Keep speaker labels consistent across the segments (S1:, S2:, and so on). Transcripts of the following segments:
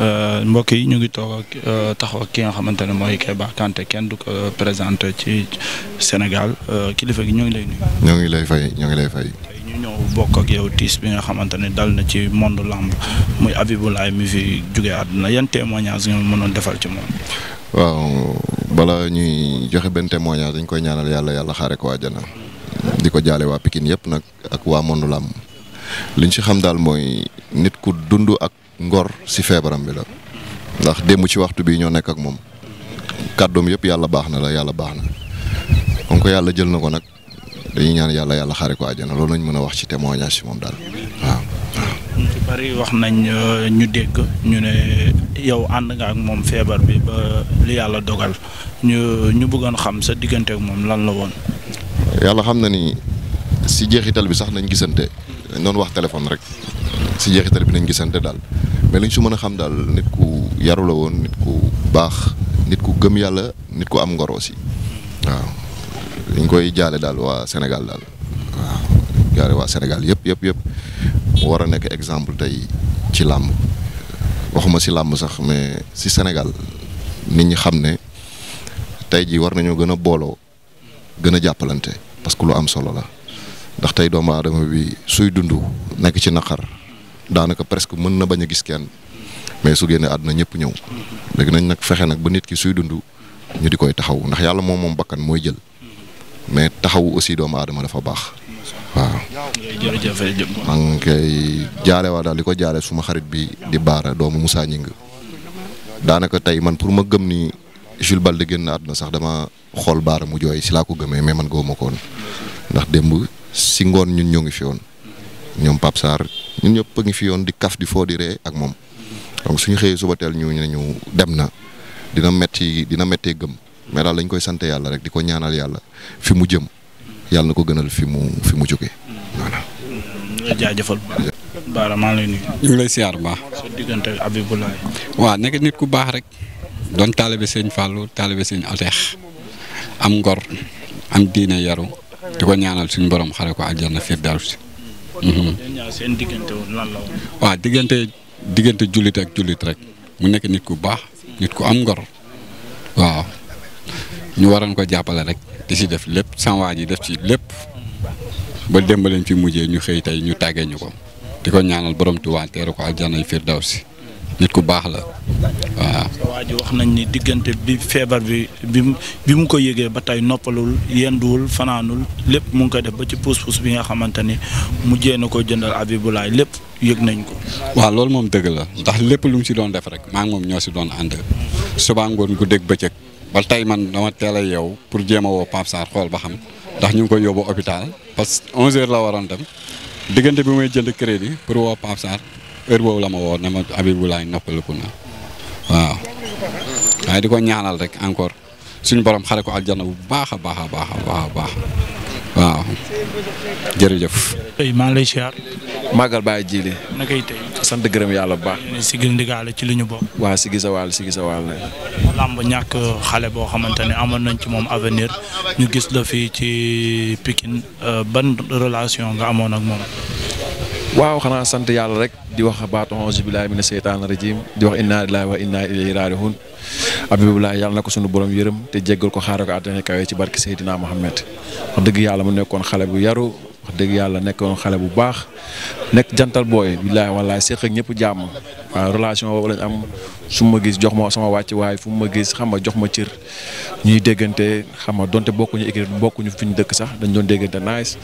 S1: Euh, mbokk yi ñu ngi toog ak euh, taxaw ak ki nga xamante ne mooy Keba Kanté kenn du ko euh, présenté ci Sénégal kilifa gi ñoo ngi lay
S2: ñoo ngi lay fay ñoo ngi
S1: lay fay. ñu ñëw bokk ak yow tiis bi nga xamante ne dal na ci monde lamb muy Habibou Laye mi fi jugee àdduna yan témoignage nga mënoon defal ci moom.
S2: waaw bala ñuy joxe benn témoignage koy ñaanal yàlla yàlla xaare ko àjjana di ko jaale waa Pikine yëpp nag ak waa monde lamb liñ ci xam daal mooy nit ku dund ak ngor ci feebaram bi la ndax démb ci waxtu bi ñoo nekk ak moom kàddoom yëpp yàlla baax na la yàlla baax na kon ko yàlla jël na ko nag. dañuy ñaan yàlla yàlla xaare ko àjjana loolu lañ mën a wax ci témoignage si moom daal waaw.
S1: ñu ci bari wax nañ euh, ñu dégg ñu ne yow ànd nga ak moom feebar bi ba li yàlla dogal ñu buggoon xam sa diggante ak moom lan la woon.
S2: yàlla xam na ni si jeexital bi sax nañ gisante. dañ wax téléphone rek si jeexital bi nañ gisante daal mais liñ su mën a xam daal nit ku yaru woon nit ku baax nit ku gëm yàlla nit ku am ngor aussi waaw. dañ koy jaale daal waa Sénégal daal waaw waa Sénégal yëpp yëpp yëpp mu war a nekk exemple tey ci làmb waxuma si làmb sax mais si Sénégal nit ñi xam ne tey jii war nañoo gën a booloo gën a jàppalante parce que lu am solo la ndax tey doomu aadama bi suy dund nekk ci naqar daanaka presque mën na bañ a gis kenn mais su génnee àdduna ñëpp ñëw léegi nañ nag fexe nag ba nit ki suy dund ñu di koy taxaw ndax yàlla moom moom bakkan mooy jël mais taxawu aussi doomu aadama dafa baax waaw.
S1: jërëjëf maa
S2: ngi jaale waa daal di ko jaale suma xarit bi di baara doomu Moussa ñing daanaka tey man pour ma gëm ni Jules Balde génn àdduna sax dama xool baara mu jooy si laa ko gëmee mais man gëwuma ko ndax démb si ngoon ñun ñoo ngi fi woon ñoom Pape Sarr ñun ñëpp ngi fi yoon di kaf di foo di ree ak moom donc suñu xëyee suba teel ñu ne ñu dem na dina metti dina méttee gëm. mais daal dañ koy sant yàlla rek di ko ñaanal yàlla fi mu jëm yàlla na ko gënal fi mu fi mu jógee voilà.
S1: bu baax. waa diggante ak
S3: nekk nit ku baax rek. doon taalibe sëñ Fallou taalibe sëñ Ateex am ngor am diine yaru di ko ñaanal suñu boroom xare ko àjjana firdawsi. Mhm.
S1: seen diggante woon lan
S3: la diggante diggante jullit ak jullit rek mu nekk nit ku baax nit ku am ngor waaw. ñu waroon ko jàppale rek di si def lépp sanwaa ji def ci lépp ba démb leen fi mujjee ñu xëy tey ñu tàggee ñu ko di ko ñaanal borom Tuubaa teeru ko fiir aljanay si nit ku baax la waaw. waa ji wax nañ
S1: ni diggante bi feebar bi bi mu ko yëgee ba tey noppalul yenduwul fanaanul lépp mu ngi koy def ba ci puus-puus bi nga xamante ni mujjee na ko jëndal Abibulaay lépp yëg
S3: nañ ko. waaw loolu moom dëgg la ndax lépp lum mu si doon def rek maa ngi moom ñoo si doon ànd suba ngoon gu dégg bëccëg. ba tey man dama teel a yeew pour jéem a woo Pape Sarr xool ba xam ndax ñu ngi koy yóbbu hôpital parce que 11 heures la waroon dem diggante bi may jënd crédit pour woo Pape Sarr heure boobu la ma woo ne ma Habibou Laye noppaliku na waaw. waaye di ko ñaanal rek encore suñu borom xare ko aljanna bu baax a baax a baax a baax a baax. waaw jërëjëf. tey maa ngi lay siyaar. Magal baa Djili.
S4: nakay sant gërëm yàlla bu baax. si gindigaale ci li ñu bokk. waa si gisa waal si gisa waal lañ.
S1: làmb ñàkk xale boo xamante ne amoon nañ ci moom avenir ñu gis la fi ci pikin euh, ban relation nga amoon ak moom.
S4: waaw xanaa sant yàlla rek di wax baatu auzu billaahi mina seytaani rajiim di wax inna lillaahi wa inna ilayhi raaji'uun Abibullah yàlla na ko sunu borom yërëm te jéggal ko xaaral ko àddina kawe ci barke seydinaa Mohamed wax dëgg yàlla mu nekkoon xale bu yaru wax dëgg yàlla nekkoon xale bu baax nekk jantal booy billaay wallaay séq ñëpp jàmm waaw relation boobu lañ am su ma gis jox ma sama wàcc waaye fu ma gis xam nga jox ma cër ñuy déggante xam nga donte bokkuñu écrit bokkuñu fi ñu dëkk sax dañ doon déggante nice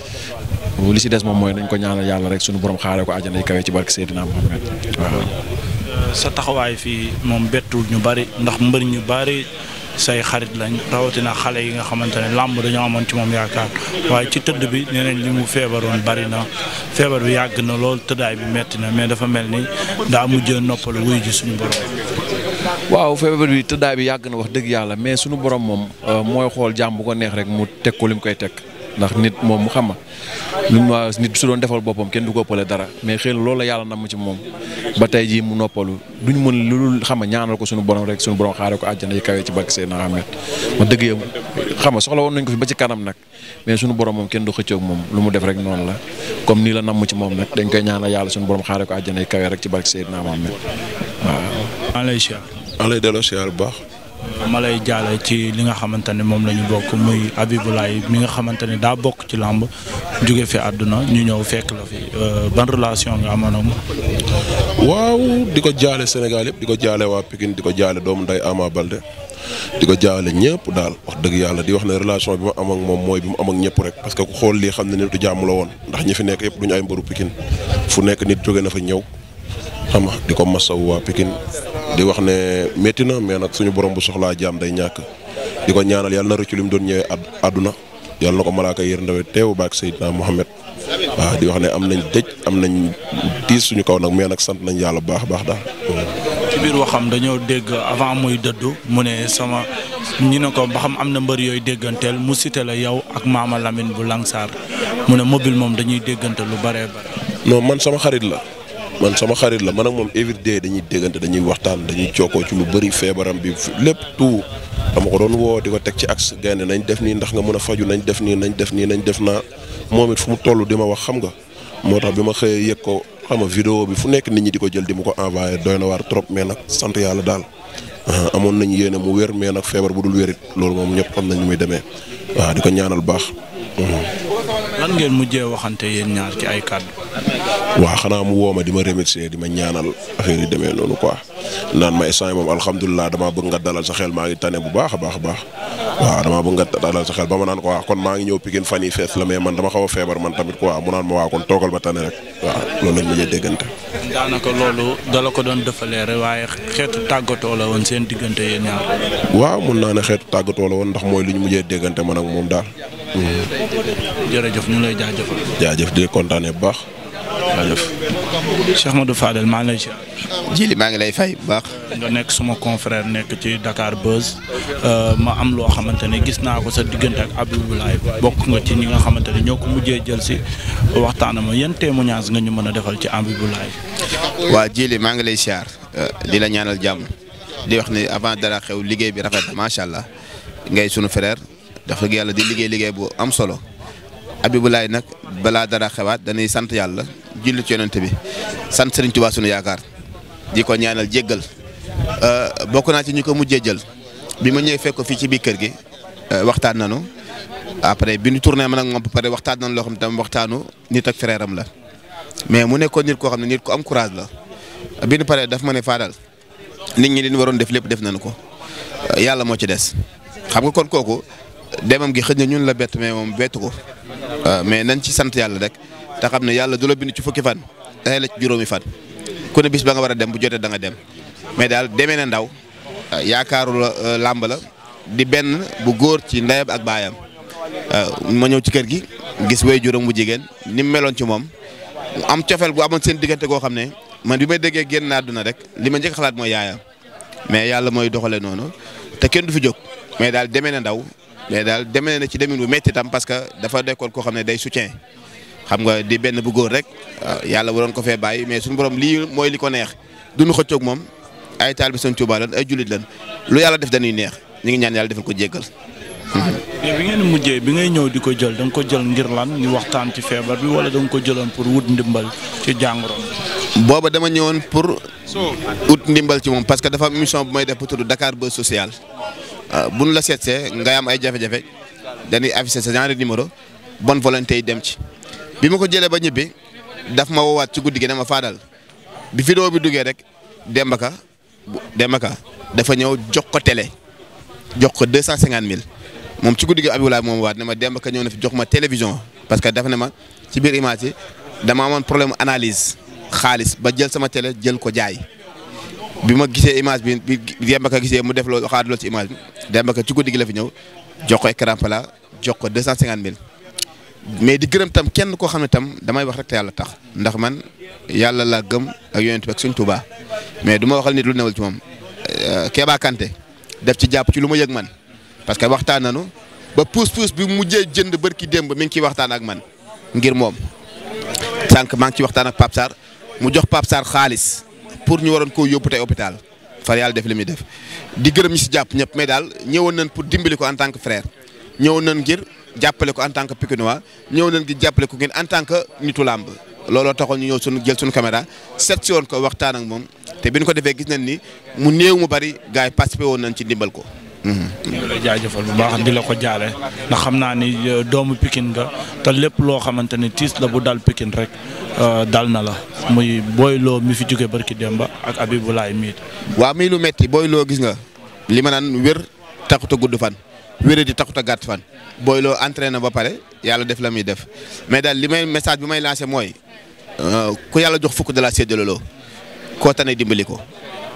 S4: li si des moom mooy nañ ko ñaanal yàlla rek sunu borom xaaral ko àjjana yi ci barke Seydina Mohamed waaw
S1: sa taxawaay fii moom bettul ñu bari ndax mbër ñu bari say xarit lañ rawatina xale yi nga xamante ne làmb dañoo amoon ci moom yaakaar waaye ci tëdd bi nee nañ li mu feebaroon bari na feebar bi yàgg na lool tëddaay bi metti na
S4: mais dafa mel ni daa mujjee noppalu wuy ji suñu borom. waaw feebar bi tëddaay bi yàgg na wax dëgg yàlla mais suñu borom moom euh, mooy xool jàmm bu ko neex rek mu teg ko li mu koy teg. ndax nit moom xam nga lu ma nit su doon defal boppam kenn du ko ëppale dara mais xëy na loolu la yàlla nam mu ci moom ba tey jii mu noppalu ñu mën lu xam nga ñaanal ko suñu borom rek suñu borom xaare ko àjjana yi kawee ci barke Seydina Ahmed ma dëgg nga soxla nañ ko ba ci kanam nag mais suñu borom moom kenn du xëccoog moom lu mu def rek noonu la comme nii la nam ci moom nag dañ koy ñaanal yàlla suñu borom xaare ko àjjana yi rek ci barke Seydina Ahmed waaw. maa ngi lay siyaar. maa ngi lay delloo siyaar bu baax.
S1: ma lay jaale ci li nga xamante ne moom lañu bokk muy Abibulaay mi nga xamante ne daa bokk ci làmb jóge fi àdduna ñu ñëw fekk la fi euh, ban relation nga amanoom
S5: waaw ko jaale Sénégal yëpp di ko jaale waa Pikine di ko jaale doomu nday Ama Balde di ko jaale ñëpp daal wax dëgg yàlla di wax ne relation bi ma am moom mooy bi mu am ak ñëpp rek parce que ku xool lii xam ne nitu jàmm la woon ndax ñi fi nekk yëpp duñu ay mbëru Pikine fu nekk nit jóge na fa ñëw xam nga di ko masaw waa Pikine di wax ne métti na mais nag suñu borom bu soxlaa jaam day ñàkk di ko ñaanal yàlla na rëccu li mu doon ñëwee adduna yàlla na ko malaaka yër ndawe teewu baak Seydina Mohamed waaw di wax ne am nañ dëj am nañ tiis suñu kaw nag mais nag sant nañ yàlla bu baax a baax daal.
S1: ci biir waxam dañoo dégg avant muy dëddu mu ne sama ñu ne ko ba xam am na mbër yooyu dégganteel mu cité la yow ak maama Lamine bu Langsar mu ne mobile moom dañuy déggante lu bëree bëri.
S5: non man sama xarit la. man sama xarit la man ak moom everyday dañuy déggante dañuy waxtaan dañuy jokkoo ci lu bëri feebaram bi lépp tout dama ko doon woo di ko teg ci ak gaynde nañ def nii ndax nga mën a faju nañ def nii nañ def nii nañ def naa moom it fu mu tollu di ma wax xam nga moo tax bi ma xëyee yëg ko xam nga vidéo bi fu nekk nit ñi di ko jël di ma ko envoyé doy na waar trop mais nag sant yàlla daal ah, amoon nañu yéene mu wér mais nag feebar bu dul wérit loolu moom ñëpp xam nañ muy demee waaw di ko ñaanal baax. Mhm.
S1: lan ngeen mujjee waxante yéen ñaar ci ay kàddu.
S5: waaw xanaa mu woo ma di ma remercier di ma ñaanal affaire yi demee noonu quoi naan ma instant moom alhamdulilah damaa bëgg nga dalal sa xel maa ngi tane bu baax a baax a baax waaw damaa bëgg nga dalal sa xel ba ma naan ko waaw kon maa ngi ñëw Pikine fan yi fees la mais man dama xaw a feebar man tamit quoi mu naan ma waa kon toogal ba tane rek waaw loolu lañ mujjee déggante.
S1: daanaka loolu dala ko doon defalee rek waaye xeetu tàggatoo la woon seen diggante yéen ñaar.
S5: waaw mun naa ne xeetu tàggatoo la woon mooy li ñu mujjee déggante man ak moom daal.
S1: jërëjëf ñu lay jaajëfal.
S5: jaajëf di kontaanee bu baax jaajëf. Cheikh
S1: Ahmadou Fadel maa ngi lay maa ngi lay fay bu baax. nga nekk suma confrère nekk ci Dakar Buzz euh, ma am loo xamante ne gis naa ko sa diggante ak Abibou bokk nga ci ñi nga xamante ne ñoo ko mujjee jël si waxtaan ma yan témoignage nga ñu mën a defal ci Abibou
S6: waa Jili maa ngi lay ziar euh, di la ñaanal jàmm di wax ni avant dara xew liggéey bi rafet na macha allah ngay sunu frère dafa yàlla di liggéey liggéey bu am solo Abibou Laye nag balaa dara xewaat dañuy sant yàlla. julli ci bi sant Serigne Touba sunu yaakaar di ko ñaanal jéggal euh, bokk naa ci ñu ko mujjee jël bi ma ñëwee fekk ko fii ci biir kër gi euh, waxtaan nanu après bi ñu tourné man ak moom ba pare waxtaan nañ loo xam tam waxtaanu nit ak frère la mais mu nekkoon nit koo xam ne nit ku am courage la bi ñu paree daf ma ne faadal nit ñi li waroon def lépp def nañ ko yàlla moo ci des xam nga kon kooku demam gi xëj na ñun la bett mais moom bettu ko euh, mais nañ ci sant yàlla rek. te xam ne yàlla du la bind ci fukki fan day la ci juróomi fan ku ne bis ba nga war a dem bu jotee danga dem mais daal demee na ndaw yaakaaru la euh, làmb la di benn bu góor ci ndeyam ak baayam euh, ma ñëw ci kër gi gis way juróom bu jigéen ni mu meloon ci moom am cofeel bu amoon seen diggante goo xam ne man bi may déggee génn àdduna rek li ma njëkk xalaat mooy yaayam mais yàlla mooy doxale noonu te kenn du fi jóg mais daal demee na ndaw mais daal demee na ci demin bu métti tam parce que dafa nekkoon koo xam ne day soutien xam nga di benn bu góor rek yàlla waroon ko fee bàyyi mais suñu borom lii mooy li ko neex duñu xëccoog moom ay taalibe Sëñ ay jullit lan lu yàlla def dañuy neex ñu ngi ñaan yàlla defal ko jéggal. mais bi ngeen mujjee bi ngay ñëw di ko
S1: jël da nga ko jël
S6: ngir lan ñu waxtaan ci feebar wala da nga jëloon pour wut ndimbal ci jàngoro booba dama ñëwoon pour wut ndimbal ci moom parce que dafa am émission bu may def bu tudd Dakar Buzz social ah, bu nu ngay am ay jafe-jafe dañuy affiché sa genre numéro bon volonté yi dem ci. bi ma ko jëlee ba ñibbi daf ma woowaat ci guddi gi dama faadal bi vidéo bi duggee rek dembaka Ka Demba dafa ñëw jox ko télé jox ko deux cent cinquante mille moom ci guddi gi Abdoulaye moom waat ne ma Demba Ka ñëw na fi jox ma télévision parce que daf ne ma ci biir image yi dama amoon problème analyse xaalis ba jël sama télé jël ko jaay bi ma gisee image bi bi Demba Ka gisee mu def loolu xaar loolu ci image bi Demba Ka ci guddi gi la fi ñëw jox ko écran plat jox ko deux cent cinquante mille mais di gërëm tam kenn koo xam ne tam damay wax rek te yàlla tax ndax man yàlla laa gëm ak yonent bi ak Sëñ Tuubaa mais duma waxal nit lu newal ci moom euh, Keba Kanté def ci jàpp ci lu ma yëg man parce que waxtaan nanu ba puus puus bi mu mujjee jënd bërki démb mi ngi ciy waxtaan ak man ngir moom sànq maa ngi ciy waxtaan ak Pape Sarr mu jox Pape Sarr xaalis pour ñu waroon koo yóbbu tey hôpital far yàlla def li muy def di gërëm ñi si jàpp ñëpp mais daal ñëwoon nan pour dimbali en tant que frère jàppale ko en tant que Pikinois ñëw nañ gi jàppale ko ngeen en tant que nitu làmb looloo taxoon ñu ñëw suñu jël suñu caméra seet si woon ko waxtaan ak moom te bi ñu ko defee gis nañ ni mu néew mu bari gars yi participé woon nañ ci ndimbal ko. Mhm.
S1: ñu jaajëfal bu baax di la ko jaale ndax xam naa ni euh, doomu Pikine nga te lépp loo xamante ni tiis la bu dal Pikine rek euh, dal na la muy booy loo
S6: mi fi jóge barki Demba ak Abibulaay miit. waa muy lu metti booy loo gis nga li ma naan wér taxut a gudd fan. wéré di taxut a gàtt fan booy loo entraîné ba pare yàlla def la muy def mais daal li may message bi may lancé mooy euh, ku yàlla jox fukk de la séddaleloo koo tane dimbali ko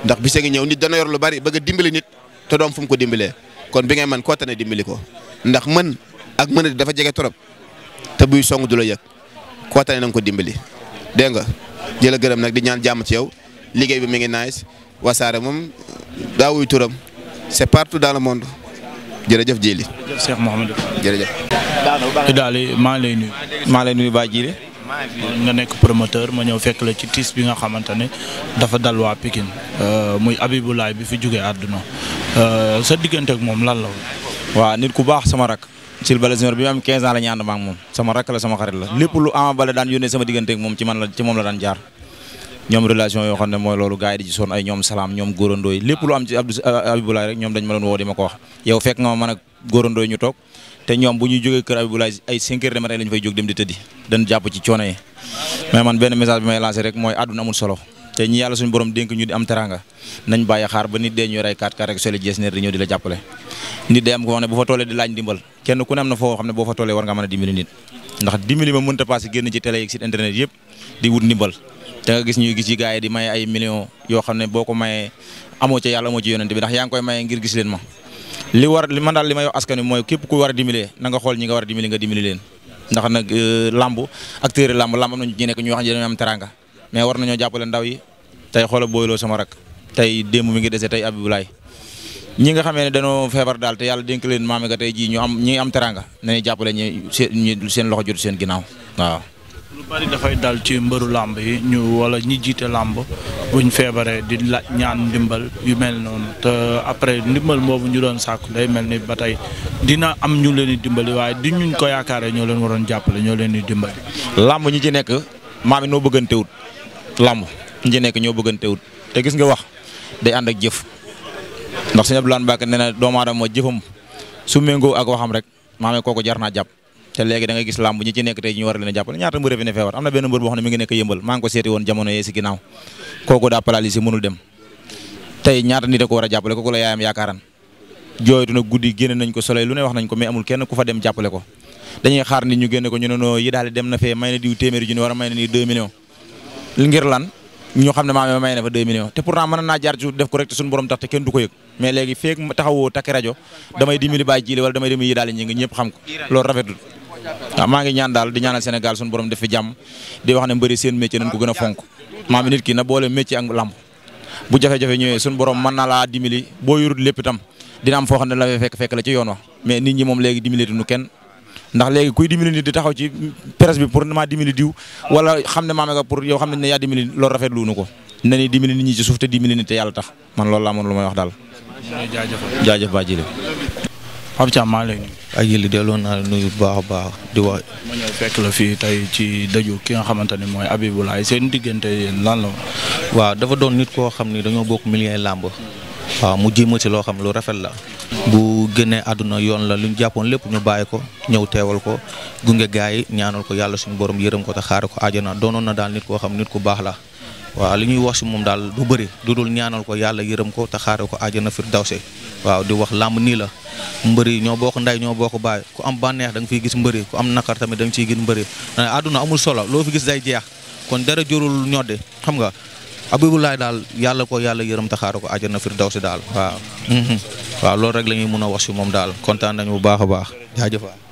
S6: ndax bise ngi ñëw nit dana yor lu bari bëgg a dimbali nit te doom fu mu ko dimbalee kon bi ngay man koo tane dimbali ko ndax mën ak mën dafa jege trop te buy song du la yëg koo tane na nga ko dimbali dégg nga jëla gërëm nag di ñaan jàmm ci yow liggéey bi mi ngi nice wasaare moom daa wuy turam c'est partout dans le monde. jërëjëf Djily.
S1: jërëjëf Cheikh Mouhamadou.
S6: jërëjëf. daal
S1: maa lay nuyu. maa lay nuyu Ba Djily. nga nekk promoteur ma ñëw fekk la ci tiis bi nga xamante ne dafa dal waa Pikine euh, muy Abibulaay bi fi jógee àdduna euh,
S7: sa diggante ak moom lan la waa nit ku baax sama rak Sile Balla Junior bi ma am 15 ans la ñu moom sama rak la sama xarit la lépp lu a Baldé daan yónnee sama diggante moom ci man la ci moom la daan jaar. ñoom relation yoo xam ne mooy loolu gars yi di ci sonn ay ñoom salaam ñoom góorandooy lépp lu am ci Abdou Abibulaay rek ñoom dañ ma doon woo di ma ko wax yow fekk nga ma man góorandooy ñu toog te ñoom bu ñuy jógee kër Abibulaay ay 5 de matin la ñu fay jóg dem di tëddi dañ jàpp ci coono yi mais man benn message bi may lancé rek mooy àdduna amul solo te ñi yàlla suñu borom dénk ñu di am teranga nañ bàyyi xaar ba nit dee ñuy rey kaat kaat rek soli jees neer di ñëw kenn ku ne na foo xam ne boo fa tollee war nga a dimbali nit ndax dimbali ma mënta passé yëpp di da nga gis ñuy gis yi gars yi di may ay millions yoo xam ne boo ko mayee amoo ci yàlla amoo ci yonent bi ndax yaa ngi koy maye ngir gis leen ma li war man daal li may wax askan wi mooy képp ku war a dimbalee na nga xool ñi nga war a dimbali nga dimbali leen ndax nag euh, lamb acteur lamb lamb am na ñu nekk ñu wax ne dañoo am teranga mais war nañoo jàppale ndaw yi tey xoolal sama rak tey démb mi ngi dese tey Abibulaay ñi nga xamee ne dañoo feebar daal te yàlla dénk leen maame ga tey jii ñu am ñi am teranga nañu jàppale ñi seen loxo jot seen ginnaaw waaw lu bari dafay dal ci mbaru làmb yi ñu wala ñi jiite
S1: làmb buñ feebaree di laaj ñaan ndimbal yu mel noonu te après ndimbal boobu ñu doon sàkku day mel ni ba tey dina am ñu leen di dimbali waaye di ñuñ ko yaakaaree ñoo leen waroon
S7: jàppale ñoo leen di dimbali. làmb ñi ci nekk maam yi noo bëggantewut làmb ñi ci nekk ñoo bëggantewut te gis nga wax day ànd ak jëf ndax sëñ Abdoulaye Mbacke nee na doomu aadama jëfam su méngoo ak waxam rek maam yi kooku jar naa jàpp. te léegi da nga gis làmb ñi ci nekk tey ñu war leen a jàppale ñaata mbër fi ne feebar am na benn mbër boo xam ko seeti woon jamono yee si ginnaaw ko war a jàppale kooku la kenn ku fa dem jàppale ko dañuy xaar nit ñu génne ko ñu na fee may na diw téeméeri junni a may na ni 2 millions ngir lan ñu xam ne maam may na fa 2 millions te pourtant mën naa damay dimbali bàyyi jiile wala damay dimbali yi ñi ngi ñëpp xam ko loolu rafetul waaw ah, maa ngi ñaan daal di ñaanal Sénégal suñu borom def fi jàmm di wax ne mbëri seen métier nañ ko gën a fonk maa mi nit ki na boole métier ak lamb bu jafe-jafe ñëwee suñu borom man na laa dimbali boo yorut lépp itam dina am foo xam ne la fay fekk la ci yoon wax moom léegi dimbalituñu kenn ndax léegi kuy dimbali nit di taxaw ci presse bi pour maa dimbali diw wala xam ne maame nga pour yow xam ne ne yaa dimbali loolu rafetlu nu ko na ni dimbali nit ñi ci suuf te dimbali nit te yàlla tax man loolu laa lu may wax daal Pape Thiam maa ngi lay nuyu. ak yéen delloo naa la nuyu bu baax a baax di wax.
S1: ma ñëw fekk la fii tey ci daju ki nga xamante ne mooy Habibou seen diggante lan la.
S7: waaw dafa doon nit koo xam ni dañoo bokk million làmb. waaw mu jéem si loo xam lu rafet la. bu génnee àdduna yoon la lu ñu jàppoon lépp ñu bàyyi ko ñëw teewal ko gunge gaay yi ñaanal ko yàlla ñu borom yërëm ko te xaar ko àjjana doonoon na daal nit koo xam nit ku baax la. waaw li ñuy wax si moom daal du bëri du dul ñaanal ko yàlla yërëm ko te xaare ko àjjana firdawsi waaw di wax làmb nii la mbëri ñoo bokk nday ñoo bokk baay ku am bànneex da nga fiy gis mbëri ku am nakar tamit da nga ciy gis mbëri àdduna amul solo loo fi gis day jeex kon dara jorul ñodde xam nga abibulaay daal yàlla ko yàlla yërëm taxaare ko na àjjana firdawsi daal waaw mhm. waaw loolu rek la ñuy mën a wax si moom daal kontaan nañu bu baax a baax jaajëfa